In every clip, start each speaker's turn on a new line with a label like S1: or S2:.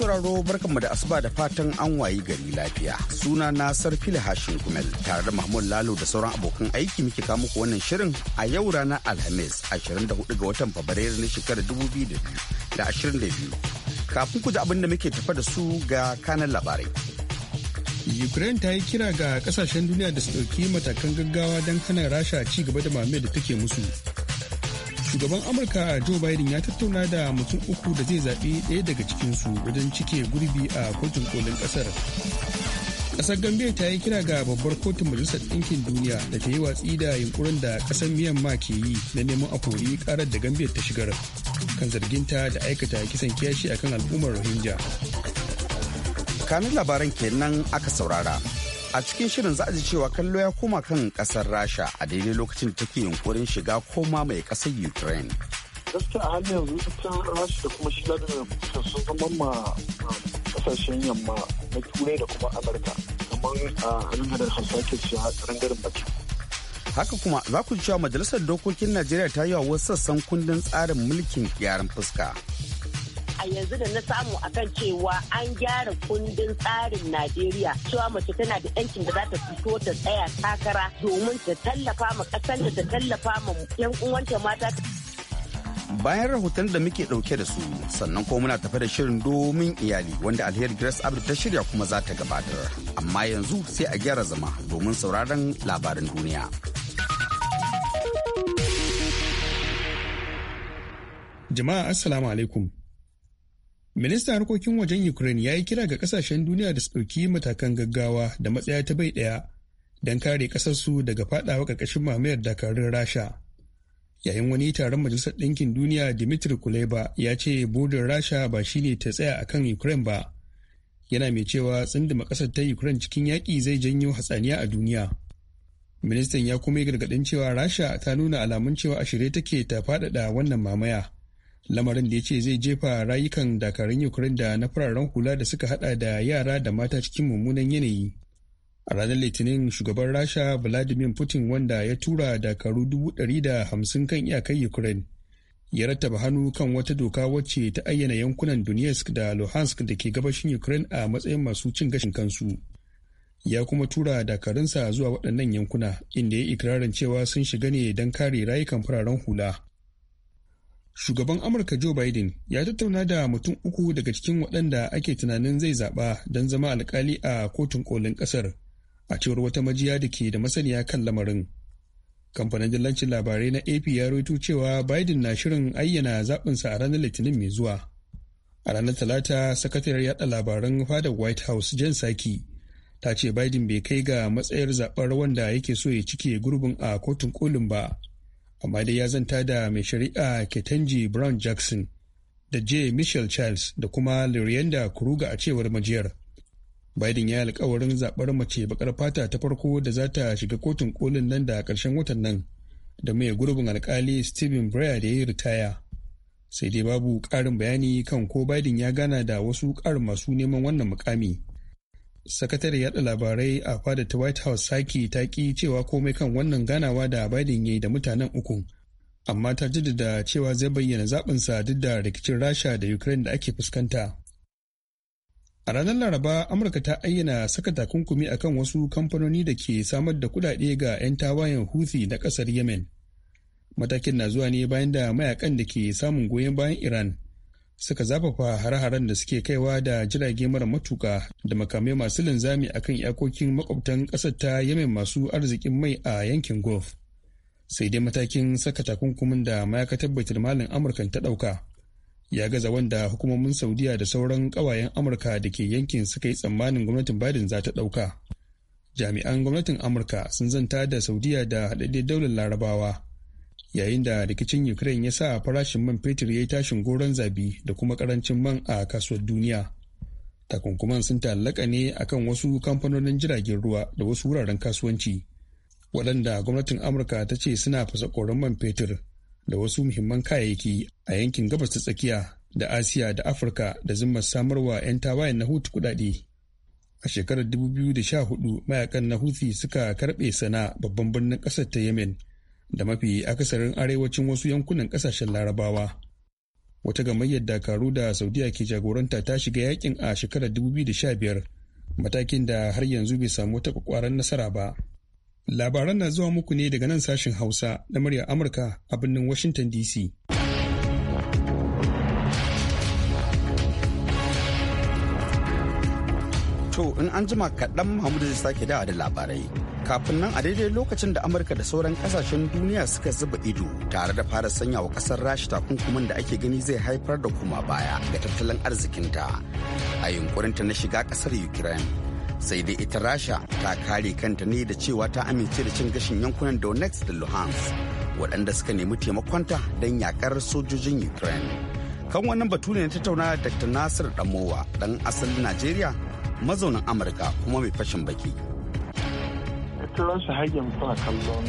S1: sauraro barkanmu da asuba da fatan an wayi gari lafiya. Suna na Sarfila Hashin Kumel tare da Mahmud Lalo da sauran abokan aiki muke kawo muku wannan shirin a yau ranar Alhamis 24 ga watan Fabrairu na shekarar 2022. Kafin ku ji abin da muke tafa da su ga kanan labarai.
S2: Ukraine ta yi kira ga kasashen duniya da su ɗauki matakan gaggawa don hana Rasha ci gaba da mame da take musu. shugaban amurka joe biden ya tattauna da mutum uku da zai zaɓi ɗaya daga cikinsu wajen cike gurbi a kotun kolin ƙasar ƙasar gambia ta yi kira ga babbar kotun majalisar ɗinkin duniya da ta yi watsi da yunkurin da ƙasar myanmar ke yi na neman a kori ƙarar da gambia ta shigar kan zarginta da aikata kisan kiyashi akan al'ummar rohingya
S1: kamin labaran kenan aka saurara a cikin shirin za ji cewa kallo ya koma kan kasar rasha a daidai lokacin da take yunkurin shiga koma mai kasar ukraine
S3: gaskiya a halin yanzu ita rasha da kuma shiga ladin da sun zama ma kasashen yamma na turai da kuma amurka kamar a ringadar hausa ke cewa garin baki
S1: haka kuma za ku cewa majalisar dokokin najeriya ta yi wa wasu sassan kundin tsarin mulkin gyaran fuska
S4: a yanzu da na samu a kan cewa an gyara kundin tsarin Najeriya cewa mace tana da yankin da za ta fito ta tsaya takara domin ta tallafa ma da ta tallafa ma yan uwanta mata.
S1: Bayan rahoton da muke ɗauke da su sannan kuma muna tafe da shirin domin iyali wanda alheri Grace Abdul ta shirya kuma za ta gabatar. Amma yanzu sai a gyara zama domin sauraron labarin duniya.
S2: Jama'a Assalamu alaikum. Ministan harkokin wajen Ukraine ya yi kira ga kasashen duniya da su ɗauki matakan gaggawa da matsaya ta bai ɗaya don kare ƙasarsu daga faɗawa ƙarƙashin mamayar dakarun Rasha. Yayin wani taron Majalisar Ɗinkin Duniya Dimitri Kuleba ya ce burin Rasha ba shi ne ta tsaya a kan Ukraine ba. Yana mai cewa tsindima ƙasar ta Ukraine cikin yaƙi zai janyo hatsaniya a duniya. Ministan ya kuma yi gargaɗin cewa Rasha ta nuna alamun cewa a shirye take ta faɗaɗa wannan mamaya. lamarin da ya ce zai jefa rayukan dakarun ukraine da na fararen hula da suka hada da yara da mata cikin mummunan yanayi a ranar litinin shugaban rasha vladimir putin wanda ya tura dakaru dubu ɗari da hamsin kan iyakar ukraine ya rattaba hannu kan wata doka wacce ta ayyana yankunan donetsk da luhansk da ke gabashin ukraine a matsayin masu cin gashin kansu ya kuma tura dakarunsa zuwa waɗannan yankuna inda ya ikirarin cewa sun shiga ne don kare rayukan fararen hula shugaban amurka joe biden ya tattauna da mutum uku daga cikin waɗanda ake tunanin zai zaɓa don zama alkali a kotun kolin ƙasar a cewar wata majiya da ke da masaniya kan lamarin kamfanin dillancin labarai na ap ya rawaito cewa biden na shirin ayyana zaɓinsa a ranar litinin mai zuwa a ranar talata sakatariyar yada labaran fadar white house jen saki ta ce biden bai kai ga matsayar zaɓar wanda yake so ya cike gurbin a kotun kolin ba amma dai ya zanta da mai shari'a ketanji brown jackson da j michelle charles da kuma lurienda kuruga a cewar majiyar biden ya yi alkawarin zaɓar mace bakar fata ta farko da za ta shiga kotun kolin nan da ƙarshen watan nan da mai gurbin alkali stephen breyer da ya yi ritaya sai dai babu ƙarin bayani kan ko biden ya gana da wasu ƙarin masu neman wannan mukami sakatare yada labarai a fada ta white house saki ta ki cewa komai kan wannan ganawa da biden ya yi da mutanen uku amma ta jaddada cewa zai bayyana zabinsa duk da rikicin rasha da ukraine da ake fuskanta a ranar laraba amurka ta ayyana saka takunkumi akan wasu kamfanoni da ke samar da kudade ga 'yan tawayen houthi na kasar yemen matakin na zuwa ne bayan da mayakan da ke samun goyon bayan iran suka zafafa hare-haren da suke kaiwa da jirage mara matuka da makamai masu linzami a kan iyakokin makwabtan ƙasar ta yamen masu arzikin mai a yankin gulf sai dai matakin saka takunkumin da ma'aikatar tabbatar malin amurkan ta ɗauka ya gaza wanda hukumomin saudiya da sauran ƙawayen amurka da ke yankin suka yi tsammanin gwamnatin biden za ta ɗauka jami'an gwamnatin amurka sun zanta da saudiya da haɗaɗɗen daular larabawa yayin da rikicin ukraine ya sa farashin man fetur ya yi tashin goron zabi da kuma karancin man a kasuwar duniya takunkuman sun ta'allaka ne akan wasu kamfanonin jiragen ruwa da wasu wuraren kasuwanci waɗanda gwamnatin amurka ta ce suna fasa koren man fetur da wasu muhimman kayayyaki a yankin gabas ta tsakiya da asiya da afirka da zimmar samarwa 'yan tawayen na hutu kudade a shekarar 2014 mayakan na huthi suka karbe sana babban birnin ƙasar ta yemen da mafi akasarin arewacin wasu yankunan kasashen larabawa wata gamayyar dakaru da saudiya ke jagoranta ta shiga yakin a shekarar 2015 matakin da har yanzu bai samu wata kwakwaran nasara ba labaran na zuwa muku ne daga nan sashen hausa na muryar amurka a birnin washington
S1: dc to in an jima kaɗan Mahmud zai sake dawa da labarai kafin nan a daidai lokacin da amurka da sauran kasashen duniya suka zuba ido tare da fara sanya wa kasar rashi takunkuman da ake gani zai haifar da kuma baya ga tattalin arzikinta a yunkurinta na shiga kasar ukraine sai dai ita rasha ta kare kanta ne da cewa ta amince da cin gashin yankunan donetsk da luhansk waɗanda suka nemi taimakonta don yakar sojojin ukraine kan wannan batu ne na tattauna dr nasir damowa ɗan asalin najeriya mazaunin amurka kuma mai fashin baki
S3: kallon su har yanzu suna kallon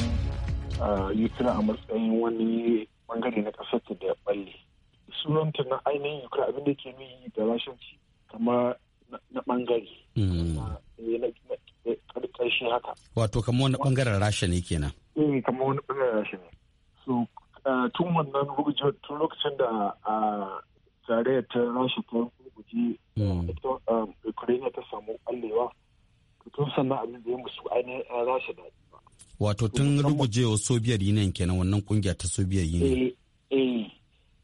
S3: ah, ukraine a matsayin wani bangare na kasar da ya balle sunanta na ainihin ukraine abin da ke nuni da rashanci kama na bangare hmm. ah, eh, eh, ƙarshe haka
S1: wato kama wani bangaren rasha ne kenan
S3: eh kama wani bangaren rasha ne so ah, tun wannan rugujewar tun lokacin da tare ta rasha ta ruguje hmm. ukraine ta samu ɓallewa tun sannan abin da ya musu ainihin rasha daɗi ba.
S1: Wato tun rugujewa Soviet Union kenan wannan kungiya ta Soviet Union. Eh,
S3: eh,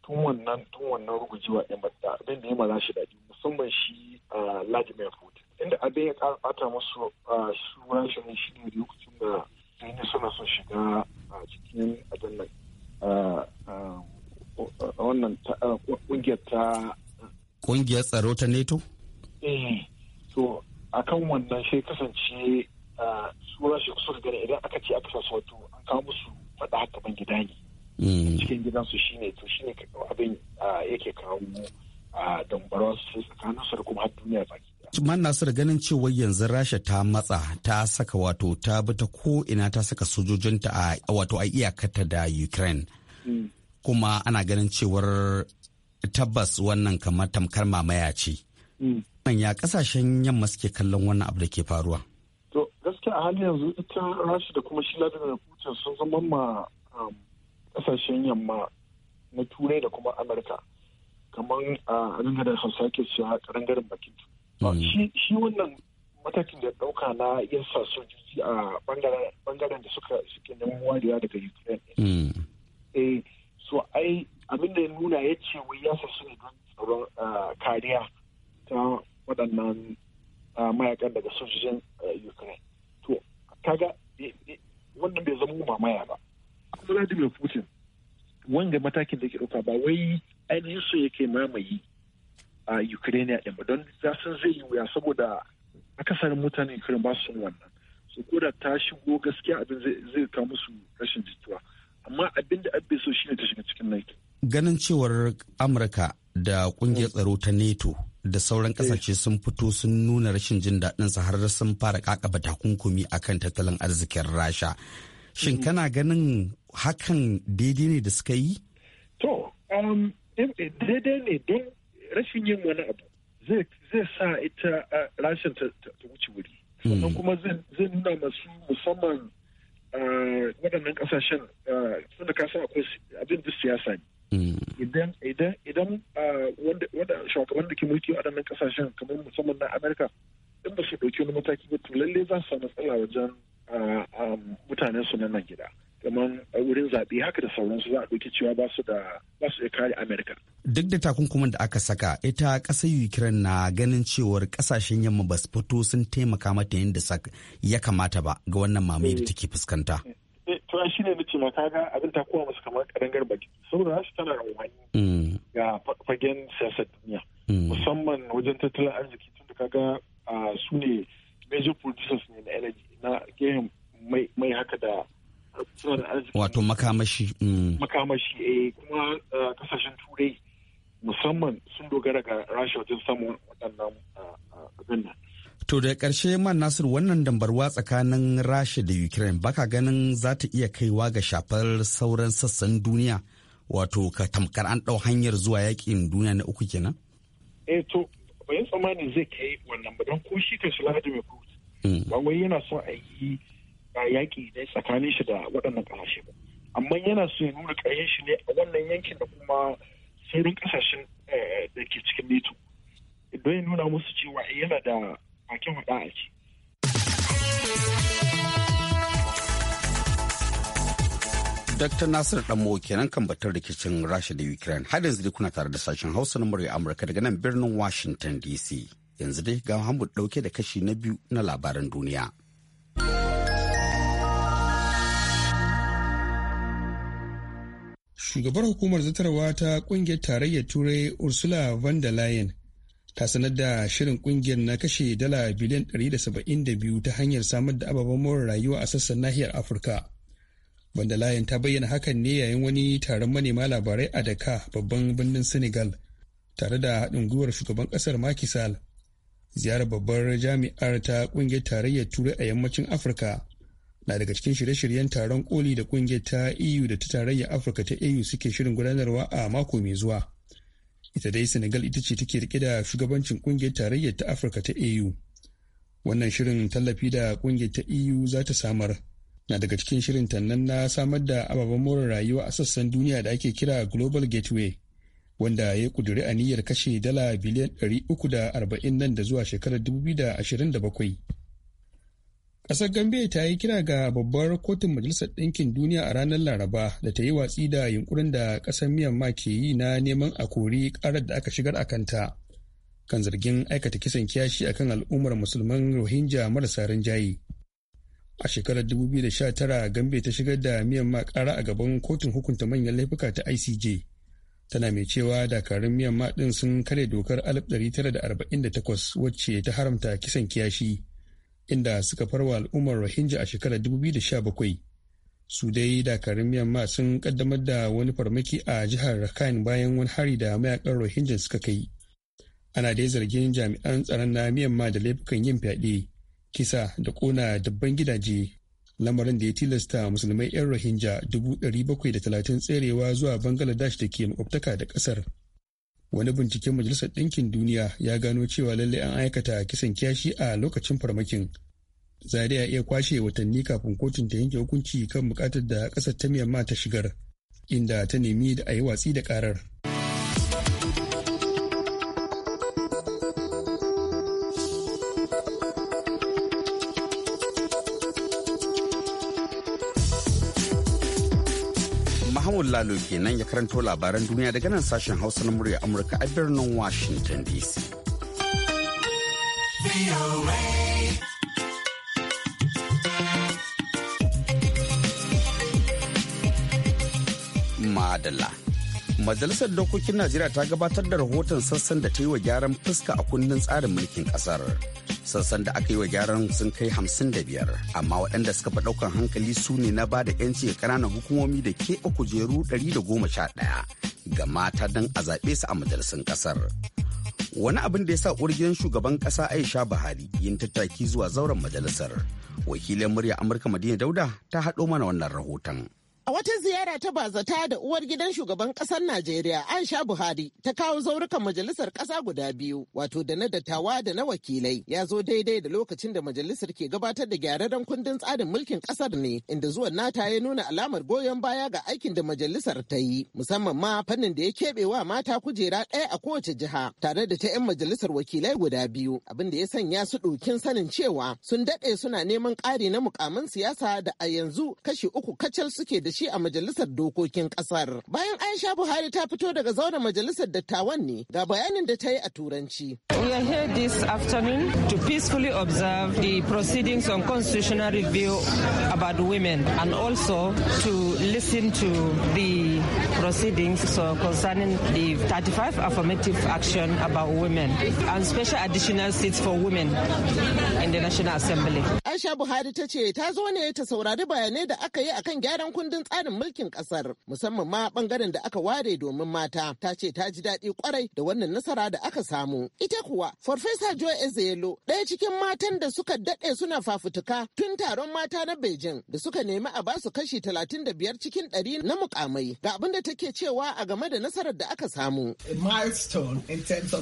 S3: tun wannan tun wannan rugujewa ɗin ba da abin da ya ma rasha daɗi musamman shi Vladimir Putin. Inda abin ya ƙara ɓata musu sunan shi ne shi ne lokacin da sai suna son shiga a cikin abin nan wannan kungiyar ta
S1: kungiyar tsaro ta neto?
S3: eh to akan wannan sai kasance su shi su gani idan aka ce aka sasu wato an kawo musu faɗa haka ban gida ne mm. cikin gidansu ne to shi ne abin yake kawo dambara su tsakanin su da kuma har duniya baki
S1: man nasir ganin cewa yanzu rasha ta matsa ta saka wato ta bi ta ko ina ta saka sojojinta a wato a iyakata da ukraine mm. kuma ana ganin cewar tabbas wannan kamar tamkar mamaya ce mm. manya kasashen yamma suke kallon wannan abu da ke faruwa
S3: to gaskiya a halin yanzu ita rasha da kuma shi da putin sun zama ma um, kasashen yamma na turai da kuma amurka kamar a da hausa ke cewa karangaren bakin mm. shi wannan matakin da dauka na yin sa sojoji a bangaren da suka suke neman wariya daga ukraine mm. eh so ai abin da ya nuna ya ce wai ya sa su ne don tsaron uh, kariya ta waɗannan ah, mayakan daga sojojin eh, ukraine to kaga wannan bai zama mamaya ba kuma vladimir putin wanga matakin da ke ɗauka ba wai ainihin so yake mamaye a ukraine ya ba don zasan zai yi wuya saboda akasarin mutanen ukraine ba su son wannan su ko da ta shigo gaskiya abin zai kawo musu rashin jituwa amma abin da abin so shine ta shiga cikin naiki
S1: ganin cewar amurka da kungiyar tsaro ta nato da sauran eh. kasashe sun fito sun nuna rashin jin daɗin su har sun fara kakaba takunkumi akan tattalin arzikin rasha shin mm. kana ganin hakan daidai ne da suka yi
S3: to um, eh, eh, daidai ne don rashin yin wani abu zai sa ita uh, rashin ta wuce wuri sannan mm. kuma zai nuna masu musamman uh, waɗannan kasashen suna uh, kasa akwai abin da siyasa ne Mm. idan idan idan ah, wanda shugaban da ke mulki a waɗannan kasashen kamar musamman na amurka in ba su ɗauki wani mataki ba to lalle za su samu matsala wajen ah, ah, mutanen su na nan gida kamar wurin zaɓe haka da sauransu za a ɗauki cewa ba su da ba su kare amurka
S1: duk da takunkuman da aka saka ita ƙasar ukraine na ganin cewar ƙasashen yamma ba su fito sun taimaka mata yadda ya kamata ba ga wannan mamaye da eh. take fuskanta. Eh,
S3: su ma kaga abin ta kowa musu kamar karangar baki saboda su tana rawani mm. ga fagen siyasar duniya mm. musamman wajen tattalin arziki tun da kaga su ne major producers ne na energy na gehen mai haka da
S1: wato makamashi mm.
S3: makamashi eh, a kuma kasashen turai musamman sun dogara ga rasha wajen samun waɗannan
S1: abin nan To da karshe man Nasir wannan dambarwa tsakanin Rasha da Ukraine baka ganin za ta iya kaiwa ga shafar sauran sassan duniya wato ka tamkar an ɗau hanyar zuwa yakin duniya na uku kenan?
S3: Eh to bayan tsammani zai kai wannan ba don ko shi shi Vladimir mai mm. Ba wai yana son a yi yaƙi ne tsakanin shi da waɗannan ƙasashe ba. Amma yana so ya nuna ƙarshen shi ne a wannan yankin da kuma sauran ƙasashen eh, da ke cikin NATO. Don ya nuna musu cewa yana da bakin hada a ci.
S1: Dr. Nasir Damo kenan kan batun rikicin Rasha da Ukraine. Har yanzu kuna tare da sashen Hausa na murya Amurka daga nan birnin Washington DC. Yanzu dai ga hamu ɗauke da kashi na biyu na labaran duniya. Shugabar
S2: hukumar zatarwa ta kungiyar tarayyar Turai Ursula von der Leyen ta sanar da shirin kungiyar na kashe dala biliyan 172 ta hanyar samar da ababen more rayuwa a sassan nahiyar afirka banda layin ta bayyana hakan ne yayin wani taron manema labarai a daka babban birnin senegal tare da haɗin gwiwar shugaban ƙasar makisal ziyarar babbar jami'ar ta kungiyar tarayyar turai a yammacin afirka na daga cikin shirye-shiryen taron koli da kungiyar ta eu da ta tarayyar afirka ta eu suke shirin gudanarwa a mako mai zuwa ita dai senegal ita ce take rike da shugabancin kungiyar tarayyar ta afirka ta au wannan shirin tallafi da kungiyar ta eu za ta samar na daga cikin shirin tannan na samar da ababen more rayuwa a sassan duniya da ake kira global gateway wanda ya kuduri niyyar kashe dala biliyan 340 nan da zuwa shekarar 2027 Ƙasar Gambia ta yi kira ga babbar kotun Majalisar Ɗinkin Duniya a ranar Laraba da ta yi watsi da yunkurin da ƙasar Myanmar ke yi na neman a kori ƙarar da aka shigar a kanta. Kan zargin aikata kisan kiyashi a kan al'ummar musulman Rohingya marasa rinjaye. A shekarar 2019 Gambia ta shigar da Myanmar ƙara a gaban kotun hukunta manyan laifuka ta ICJ. Tana mai cewa dakarun Myanmar ɗin sun karya dokar 1948 wacce ta haramta kisan kiyashi. inda suka farwa al'ummar rohingya a shekarar 2017 su dai dakarun myanmar sun kaddamar da wani farmaki a jihar rakhine bayan wani hari da mayakan rohingya suka kai ana da zargin jami'an tsaron na myanmar da laifukan yin fyaɗe kisa da kona dabban gidaje lamarin da ya tilasta musulmai 'yan rohingya 730 tserewa zuwa bangladesh da ke makwabtaka da ƙasar. wani binciken majalisar ɗinkin duniya ya gano cewa lallai an aikata kisan kiyashi a lokacin farmakin zariya ya iya kwashe watanni kafin kotun ta yanke hukunci kan bukatar da ƙasar ta miyamma ta shigar inda ta nemi da a yi watsi da karar
S1: Mahmud Lalo kenan ya karanto labaran duniya daga nan sashen Hausa na murya Amurka a birnin Washington DC. Madala. Majalisar Dokokin Najeriya ta gabatar da rahoton sassan da ta yi wa gyaran fuska a kundin tsarin mulkin kasar. sassan da aka yi wa gyaran sun kai hamsin da biyar amma waɗanda suka fi ɗaukan hankali su ne na ba da 'yanci ga ƙananan hukumomi da ke a kujeru ɗaya ga mata don a zaɓe su a majalisar ƙasar wani abin da ya sa gidan shugaban ƙasa aisha buhari yin tattaki zuwa zauren majalisar wakilin murya amurka madina dauda ta haɗo mana wannan rahoton
S5: A wata ziyara ta bazata da uwar gidan shugaban ƙasar Najeriya Aisha Buhari ta kawo zaurukan majalisar ƙasa guda biyu wato da na dattawa da na wakilai ya zo daidai da lokacin da majalisar ke gabatar da gyararren kundin tsarin mulkin ƙasar ne inda zuwan nata ya nuna alamar goyon baya ga aikin da majalisar ta yi musamman ma fannin da ya keɓe wa mata kujera ɗaya a kowace jiha tare da ta 'yan majalisar wakilai guda biyu abin da ya sanya su ɗokin sanin cewa sun daɗe suna neman ƙari na mukamin siyasa da a yanzu kashi uku kacal suke da shi a majalisar dokokin kasar. Bayan Aisha Buhari ta fito daga zauren majalisar dattawan ne ga bayanin da ta yi a turanci.
S4: We are here this afternoon to peacefully observe the proceedings on constitutional review about women and also to listen to the proceedings so concerning the 35 affirmative action about women and special additional seats for women in the National Assembly.
S5: Aisha Buhari ta ce ta zo ne ta saurari bayanai da aka yi akan gyaran kundin tsarin mulkin kasar musamman ma bangaren da aka ware domin mata ta ce ta ji daɗi kwarai da wannan nasara da aka samu ita kuwa farfesa joy ezelo ɗaya cikin matan da suka daɗe suna fafutuka tun taron mata na beijing da suka nemi a basu kashi talatin da biyar cikin ɗari na mukamai ga abin da take cewa a game da nasarar da aka samu milestone in terms uh, a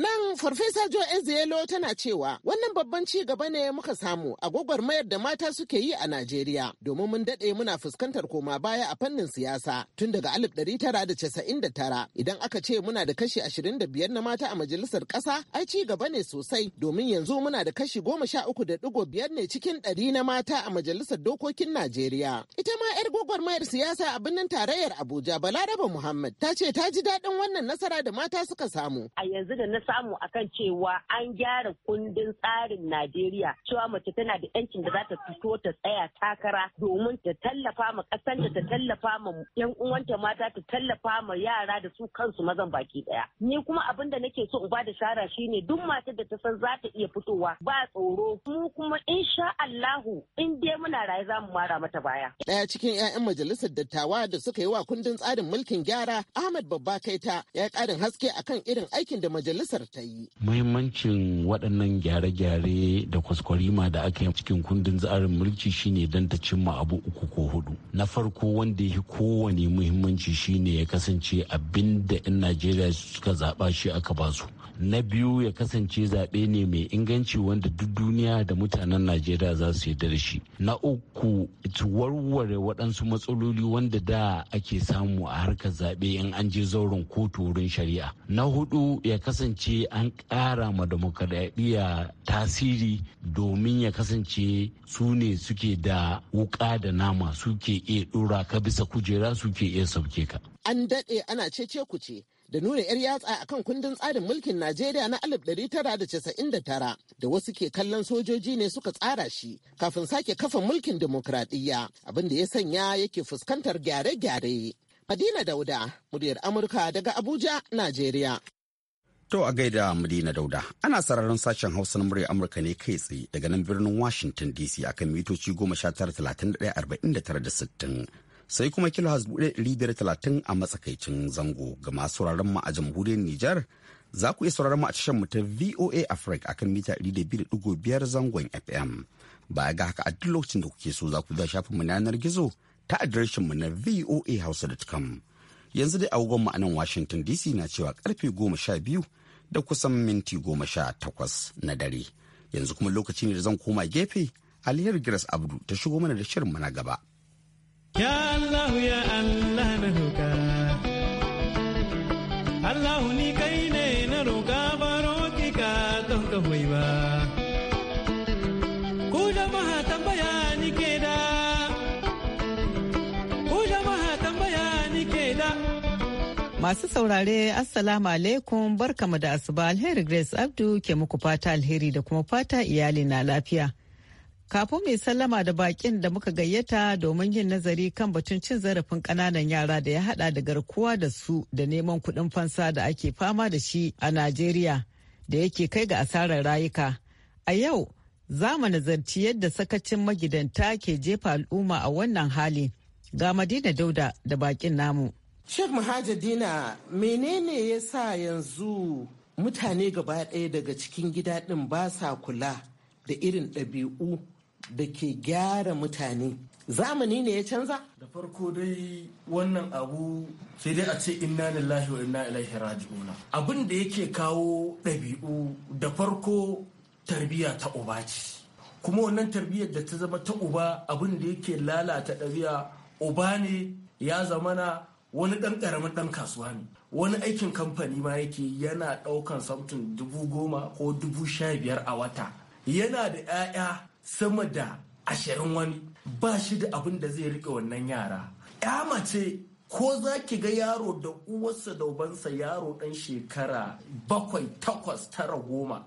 S5: nan farfesa jo ezelo tana cewa wannan babban ci gaba ne muka samu a gwagwarmayar da mata suke yi a Najeriya domin mun daɗe muna fuskantar koma baya a fannin siyasa tun daga 1999 idan aka ce muna da kashi 25 na mata a majalisar ƙasa ai ci gaba ne sosai domin yanzu muna da kashi 13.5 ne cikin 100 na mata a majalisar dokokin Najeriya. Ita ma 'yar gwagwarmayar siyasa a birnin tarayyar Abuja Balaraba Muhammad ta ce ta ji daɗin wannan
S4: nasara da mata suka samu. A yanzu da na samu akan cewa an gyara kundin tsarin Najeriya cewa mace tana da yancin da za ta fito ta tsaya takara domin ta tallafa ma da ta tallafa ma yan uwanta mata ta tallafa ma yara da su kansu mazan baki daya ni kuma abin da nake so in ba da shara shine duk matar da ta san za ta iya fitowa ba tsoro mu kuma insha Allahu in dai muna raye za mu mara mata baya daya
S5: cikin 'ya'yan majalisar dattawa da suka yi wa kundin tsarin mulkin gyara Ahmad Babba Kaita ya karin haske akan irin aikin da majalisar ta yi
S6: muhimmancin waɗannan gyare-gyare da kwaskwarima da aka cikin kundin tsarin mulki shine don ta cimma abu uku ko hudu na farko wanda ya kowane muhimmanci shine ya kasance abin da 'yan najeriya suka zaba shi aka basu na biyu ya kasance zaɓe ne mai inganci wanda duk duniya da mutanen najeriya za su yi da shi na uku warware waɗansu matsaloli wanda da ake samu a harkar zaɓe in an je zauren kotu wurin shari'a na hudu ya kasance an ƙara ma demokradiyya tasiri domin ya kasance ce su ne suke da wuka da nama suke iya ɗora ka bisa kujera suke iya sauke ka.
S5: An daɗe ana cece ce da nuna 'yar yatsa akan kundin tsarin mulkin Najeriya na 1999 da wasu ke kallon sojoji ne suka tsara shi kafin sake kafa mulkin demokradiyya abin da ya sanya yake fuskantar gyare-gyare. Madina Dauda, muryar Amurka daga Abuja, Najeriya.
S1: To a gaida Madina Dauda, ana sararin sashen Hausa na murya Amurka ne kai tsaye daga nan birnin Washington DC akan mitoci 19,31,49,60 sai kuma kilo biyar talatin a matsakaicin zango ga masu sauraron mu a jamhuriyar Nijar za ku iya sauraron mu a tashar mu ta VOA Africa kan mita 200.5 zangon FM. Ba ga haka a duk lokacin da kuke so za ku da shafin mu yanar gizo ta adireshin mu na voa hausa voahausa.com. Yanzu dai a mu a Washington DC na cewa karfe goma sha biyu da kusan minti goma sha takwas na dare. Yanzu kuma lokaci ne da zan koma gefe Aliyar Giras Abdu ta shigo mana da shirin mana gaba.
S6: Ya Allah ya Allah na roƙa. Allah ni kai ne
S4: Masu saurare Assalamu alaikum barkamu da asuba alheri Grace Abdu ke muku fata alheri da kuma fata iyali na lafiya. Kafin mai sallama da bakin da muka gayyata domin yin nazari kan batun cin zarafin ƙananan yara da ya hada da garkuwa da su da neman kuɗin fansa da ake fama da shi a Najeriya da yake kai ga asarar rayuka. A yau za mu nazarci yadda sakacin magidanta ke jefa al'umma a wannan hali. Ga Madina Dauda da bakin namu. Sheikh Muhajadina menene
S5: ya sa yanzu mutane gaba ɗaya daga cikin gida ɗin ba sa kula da irin ɗabi'u da ke gyara mutane zamani ne ya canza?
S6: Da farko dai wannan abu sai dai a ce inna lillahi wa inna ilaihi raji'una. Abin da yake kawo ɗabi'u da farko tarbiyya ta uba ce. Kuma wannan tarbiyyar da ta zama ta uba abin da yake lalata ɗabi'a uba ne ya zamana wani ɗan ƙaramin ɗan kasuwa ne wani aikin kamfani ma yake yana ɗaukan samtin dubu goma ko dubu sha biyar a wata yana da 'ya'ya sama da ashirin wani ba shi da abin da zai riƙe wannan yara ya mace ko za ki ga yaro da uwarsa da ubansa yaro ɗan shekara bakwai takwas tara goma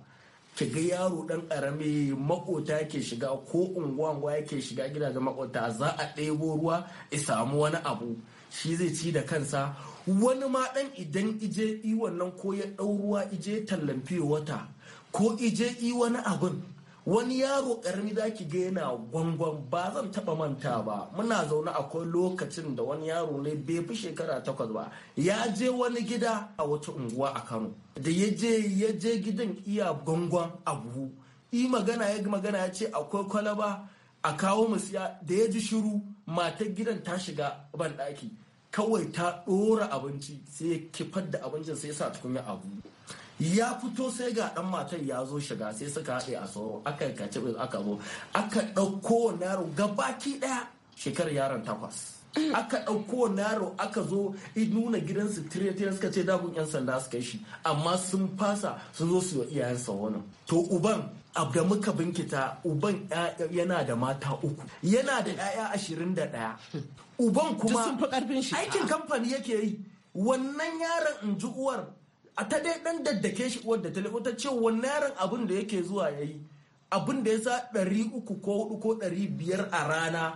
S6: ki ga yaro dan karami makota ke shiga ko unguwa yake shiga gidajen makota za a ɗebo ruwa ya samu wani abu shi zai ci da kansa wani ma dan idan ije i wannan ko ya ɗau ije tallanfi wata ko ije i wani abin wani yaro karami da ki ga yana gwangwan ba zan taba manta ba muna zaune akwai lokacin da wani yaro ne bai fi shekara takwas ba ya je wani gida a wata unguwa a kano da ya je ya je gidan iya gwangwan abu yi magana ya magana ya ce akwai kwalaba a kawo musiya da ya ji shiru matar gidan ta shiga banɗaki. kawai ta ɗora abinci sai ya kifar da abincin sai ya sa tukunya abu ya fito sai ga ɗan matan ya zo shiga sai suka haɗe a sauro aka kaci aka zo aka ɗauko wa yaro gabaki ɗaya shekarar yaron takwas aka ɗauko naro aka zo nuna gidansu tiretiyar suka ce dagun 'yan sanda suka shi amma sun fasa sun zo su yi iyayensa wani to uban da muka binkita uban yana da mata uku yana da 'ya'ya ashirin da ɗaya uban kuma aikin kamfani yake yi wannan yaron in ji uwar a ta dai dan daddake shi uwar da ta ta ce wannan yaron abin da yake zuwa ya yi abin da ya sa ɗari uku ko hudu ko ɗari biyar a rana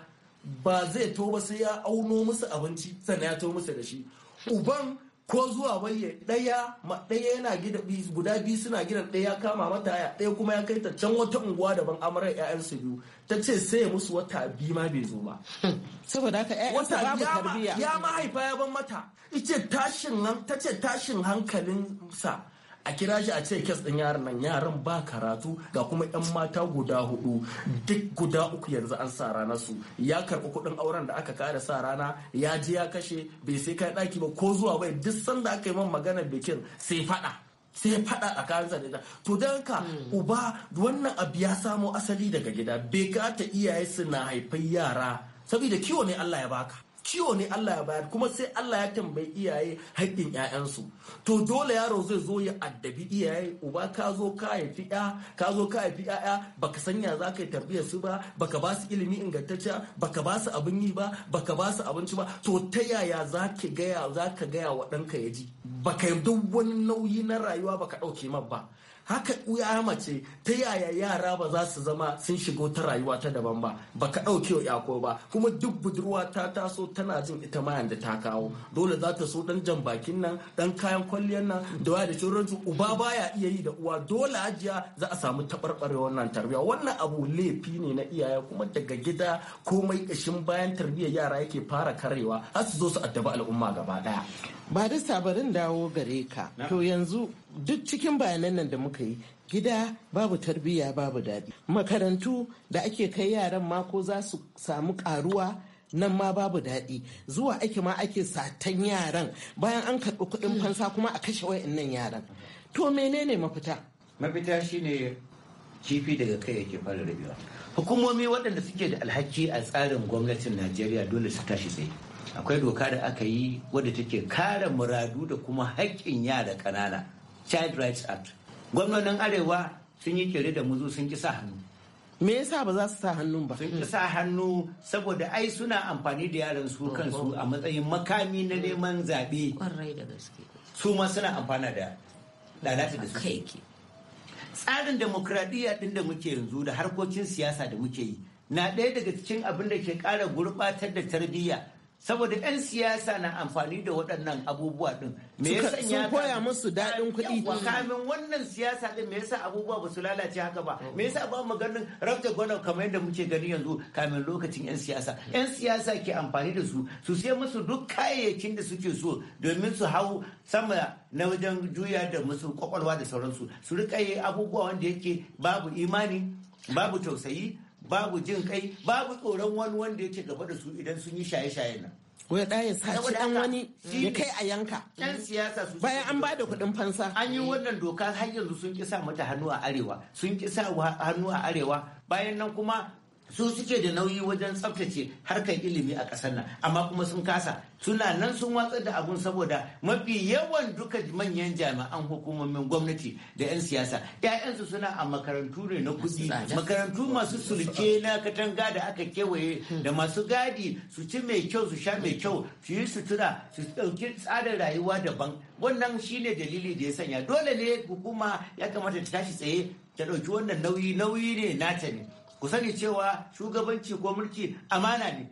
S6: ba zai to ba sai ya auno musu abinci sannan ya to musu da shi uban ko zuwa bayye ɗaya ma ɗaya yana gida guda biyu suna gidan ɗaya ya kama mata ya ɗaya kuma ya kai ta can wata unguwa daban amarar ƴaƴansu biyu ta ce sai musu wata biyu ma bai zo ba hmm. saboda haka ƴaƴansa babu tarbiyya ya mahaifa ya ban mata ita tashin ta ce tashin hankalinsa a kira shi a ce kes din yaran nan yaran ba karatu ga kuma yan mata guda hudu duk guda uku yanzu an sa rana su ya karbi kuɗin auren da aka kada sa rana ya je ya kashe bai sai kai ɗaki ba ko zuwa bai duk sanda aka yi man magana bikin sai faɗa sai fada tsakaninsa da ita to don ka hmm. uba wannan abu ya samo asali daga gida bai ka ta iyaye suna haifai yara saboda kiwo ne Allah ya baka ciwo ne Allah ya bayar kuma sai Allah ya tambayi iyaye haƙƙin 'ya'yansu to dole yaro zai zo ya addabi iyaye uba ka zo ka haifi ya ka zo ka haifi ya'ya baka sanya za ka yi tarbiyyar su ba baka ba su ilimi ingantacce baka ba su abin yi ba baka ba su abinci ba to ta yaya za ka gaya za ka gaya wa ɗanka ya ji baka duk wani nauyi na rayuwa baka ɗauke ma ba haka uya mace ta yaya yara ba za su zama sun shigo ta rayuwa ta daban ba baka ɗauke wa yako ba kuma duk budurwa ta taso tana jin ita ma da ta kawo dole za ta so dan jan bakin nan dan kayan kwalliyar nan da waya da su uba baya iya yi da uwa dole ajiya za a samu taɓarɓarewar wannan tarbiyya wannan abu laifi ne na iyaye kuma daga gida komai ƙashin bayan tarbiyyar yara yake fara karewa har su zo su addaba al'umma gaba ɗaya
S5: ba da sabarin dawo gare ka to yanzu duk cikin bayanan nan da muka yi gida babu tarbiyya babu daɗi makarantu da ake kai yaran ma ko za su samu karuwa nan ma babu daɗi zuwa ake ma ake satan yaran bayan an karɓi kuɗin fansa kuma a kashe nan yaran to menene mafita
S7: mafita shine kifi daga kai yake fara rabewa hukumomi waɗanda suke da alhaki a tsarin gwamnatin najeriya dole su tashi tsaye akwai doka da aka yi wadda take kare muradu da kuma haƙƙin yara ƙanana child rights act gwamnonin arewa sun yi kere da muzu sun ki sa hannu me yasa ba za su sa hannun ba sun ki sa hannu saboda ai suna amfani da yaran su kansu a matsayin makami na neman zaɓe su ma suna amfana da lalata da su tsarin demokradiyya din da muke yanzu da harkokin siyasa da muke yi na ɗaya daga cikin abin da ke ƙara gurɓatar da tarbiyya saboda 'yan siyasa na amfani da waɗannan abubuwa ɗin me yasa sun koya musu daɗin kuɗi kamin wannan siyasa ɗin me yasa abubuwa ba su lalace haka ba me yasa ba mu ganin rafta gwana kamar yadda muke gani yanzu kamin lokacin 'yan siyasa 'yan siyasa ke amfani da su su sai musu duk kayayyakin da suke so domin su hau sama na wajen juya da musu kwakwalwa da sauransu su rika yi abubuwa wanda yake babu imani babu tausayi babu jin kai babu tsoron wani wanda yake gaba da su idan sun yi shaye-shaye nan wai da ya saci dan wani ya kai a yanka yan siyasa su bayan an ba da kuɗin fansa an yi wannan doka har yanzu sun ƙi sa mata hannu a arewa sun ƙi sa hannu a arewa bayan nan kuma su suke da nauyi wajen tsaftace harkar ilimi a ƙasar nan amma kuma sun kasa suna nan sun watsar da abun saboda mafi yawan duka manyan jami'an hukumomin gwamnati da 'yan siyasa 'ya'yansu suna a makarantu ne na kuɗi makarantu masu sulke na katanga da aka kewaye da masu gadi su ci mai kyau su sha mai kyau su yi sutura su ɗauki tsarin rayuwa daban wannan shine dalili da ya sanya dole ne hukuma ya kamata ta tashi tsaye ta ɗauki wannan nauyi nauyi ne nata ne ku sani cewa shugabanci ko mulki amana ne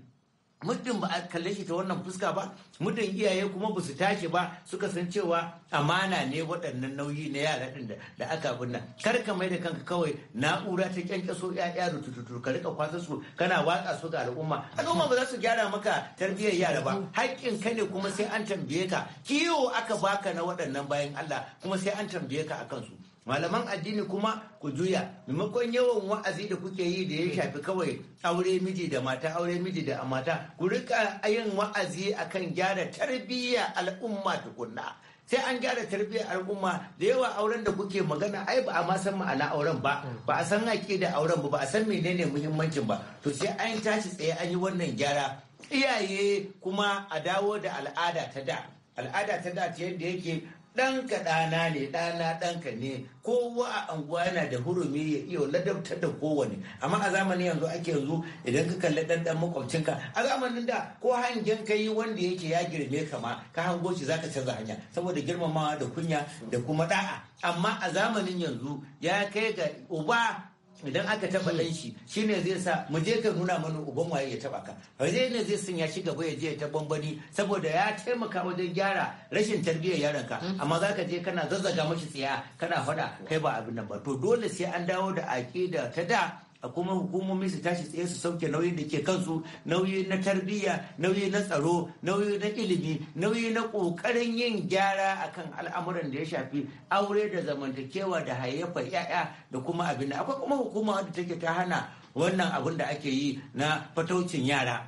S7: muddin ba a kalle shi ta wannan fuska ba muddin iyaye kuma ba su tashi ba suka san cewa amana ne waɗannan nauyi na yara ɗin da aka binna kar ka mai da kanka kawai na'ura ta kyankyaso ya'ya da tututu ka rika kwasa su kana watsa su ga al'umma al'umma ba za su gyara maka tarbiyyar yara ba haƙƙin ka ne kuma sai an tambaye ka kiwo aka baka na waɗannan bayan Allah kuma sai an tambaye ka akan su malaman addini kuma ku juya maimakon yawan wa'azi da kuke yi da ya shafi kawai aure miji da mata aure miji da mata ku rika yin wa'azi akan gyara tarbiyya al'umma tukunna sai an gyara tarbiyya al'umma da yawa auren da kuke magana ai ba a ma san ma'ana auren ba ba a san haƙi da auren ba ba a san menene muhimmancin ba to sai an tashi tsaye an yi wannan gyara iyaye kuma a dawo da al'ada ta da al'ada ta da ta yadda yake ɗanka ɗana ne ɗana ɗanka ne kowa a anguwa yana da hurumi ya iya ladabtar da kowane amma a zamanin yanzu ake yanzu idan ka kalli ɗanɗan ɗan makwabcinka a zamanin da ko hangen ka yi wanda yake ya girme ka ma ka hango shi zaka canza hanya saboda girmamawa da kunya da kuma ɗa'a amma a zamanin yanzu ya kai ga uba idan aka taba dan hmm. shi ne zai sa mu je ka nuna mana uban waye ya taba ka waje ne zai sanya shi gaba ya je taba bambani saboda ya taimaka wajen gyara rashin tarbiyyar yaron hmm. ka amma zaka je kana zazzaga mashi tsiya kana faɗa kai ba abin nan ba to dole sai an dawo da aƙida ta da a kuma hukumomi su tashi tsaye su sauke nauyin da ke kansu nauyi na tarbiyya nauyi na tsaro nauyi na ilimi nauyi na ƙoƙarin yin gyara akan al'amuran da ya shafi aure da zamantakewa da hayayyafa 'ya'ya da kuma abin da akwai kuma hukuma wadda take ta hana wannan abin da ake yi na fataucin yara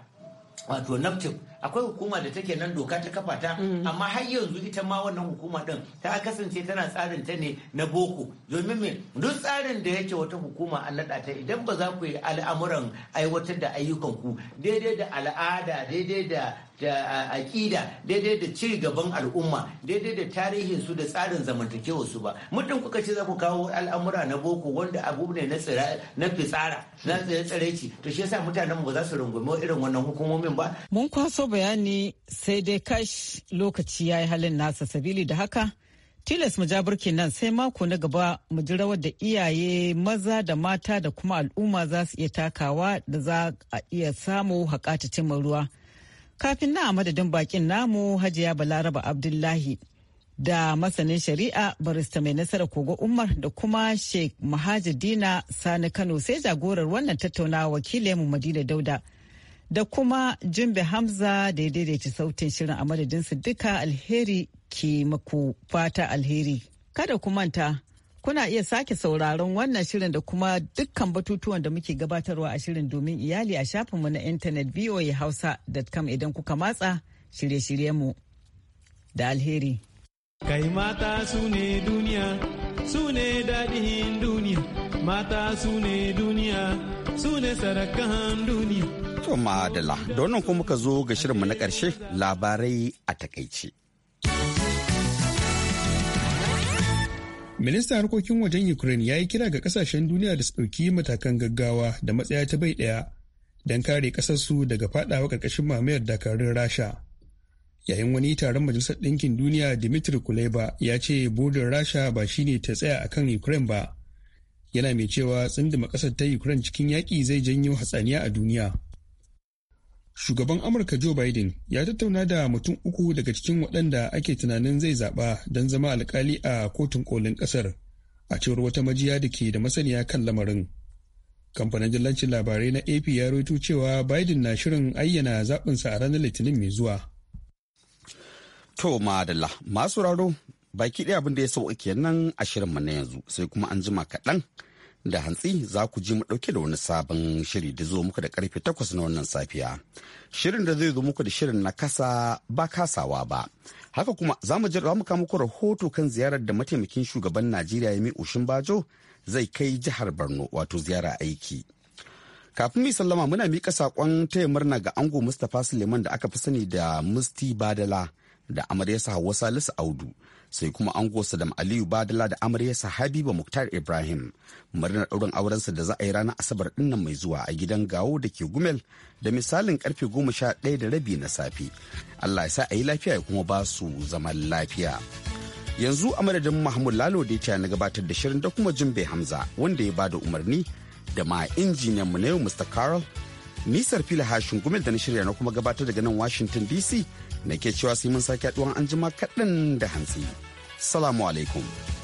S7: wato naftif akwai hukuma da take nan doka ta kafa ta mm. amma har yanzu ita ma wannan hukuma din ta kasance tana tsarin ta ne na boko domin me duk tsarin da yake wata hukuma an naɗa ta idan ba za ku yi al'amuran aiwatar da ayyukan ku daidai da al'ada daidai da da aƙida daidai da ci gaban al'umma daidai da tarihin su da tsarin zamantakewar su ba muddin kuka ce za ku kawo al'amura na boko wanda abu ne na tsira na fitsara na tsare to shi yasa mutanen ba za su rungumi irin wannan hukumomin ba
S4: mun kwaso bayani sai dai kash lokaci ya yi halin nasa sabili da haka tilas mu birki nan sai mako na gaba mu ji rawar da iyaye maza da mata da kuma al'umma za su iya takawa da za a iya samu hakatatin ruwa kafin na a madadin bakin namu hajiya balaraba abdullahi da masanin shari'a barista mai nasara kogo umar da kuma sheikh mahajidina sani kano sai jagorar wannan tattaunawa wakilinmu madina dauda da kuma Jimbe Hamza da ya daidaita sautin shirin a madadinsu duka alheri ke maku fata alheri. Kada ku manta, kuna iya sake sauraron wannan shirin da kuma dukkan batutuwan da muke gabatarwa a shirin domin iyali a shafinmu na intanet voahausa.com idan kuka matsa shirye-shiryenmu da alheri. Kai mata su ne duniya, su ne daɗin duniya, mata su ne
S6: duniya, su ne sarakan duniya.
S1: To da wannan kuma muka zo ga shirinmu na ƙarshe labarai a takaice.
S2: Ministan harkokin wajen Ukraine ya yi kira ga kasashen duniya da su ɗauki matakan gaggawa da matsaya ta bai ɗaya don kare ƙasarsu daga faɗawa ƙarƙashin mamayar dakarun Rasha. Yayin wani taron Majalisar Ɗinkin Duniya Dimitri Kuleba ya ce burin Rasha ba shi ne ta tsaya akan Ukraine ba. Yana mai cewa tsindima ƙasar ta Ukraine cikin yaƙi zai janyo hatsaniya a duniya. shugaban amurka joe biden ya tattauna da mutum uku daga cikin waɗanda ake tunanin zai zaɓa don zama alkali a kotun kolin ƙasar a cewar wata majiya da ke da masaniya kan lamarin kamfanin dillancin labarai na ap ya rawaito cewa biden na shirin ayyana zaɓinsa a ranar litinin mai zuwa
S1: to madalla masu raro baki ɗaya abin da ya sauka nan a shirin shirinmu na yanzu sai kuma an jima kaɗan da hantsi za ku ji mu ɗauke da wani sabon shiri da zo muku da karfe takwas na wannan safiya. Shirin da zai zo muku da shirin na kasa ba kasawa ba. Haka kuma za mu jira muka muku rahoto kan ziyarar da mataimakin shugaban Najeriya ya Ushin Bajo zai kai jihar Borno wato ziyara aiki. Kafin mai sallama muna miƙa saƙon taya murna ga ango Mustapha Suleiman da aka fi sani da Musti Badala da amaryarsa Hauwa Salisu Audu sai kuma ango Saddam Aliyu Badala da amaryarsa Habiba Muktar Ibrahim murnar ɗaurin aurensa da za a yi ranar Asabar dinnan mai zuwa a gidan gawo da ke Gumel da misalin karfe goma sha ɗaya da rabi na safe. Allah ya sa a yi lafiya ya kuma ba su zaman lafiya. Yanzu a madadin Mahmud Lalo da ya na gabatar da shirin da kuma jimbe Hamza wanda ya bada umarni da ma injiniyan mu na yau Mr. Carol. Nisar fila hashin gumel da na shirya na kuma gabatar daga nan Washington DC nake cewa sai mun sake haduwa an jima kaɗan da hantsi salamu alaikum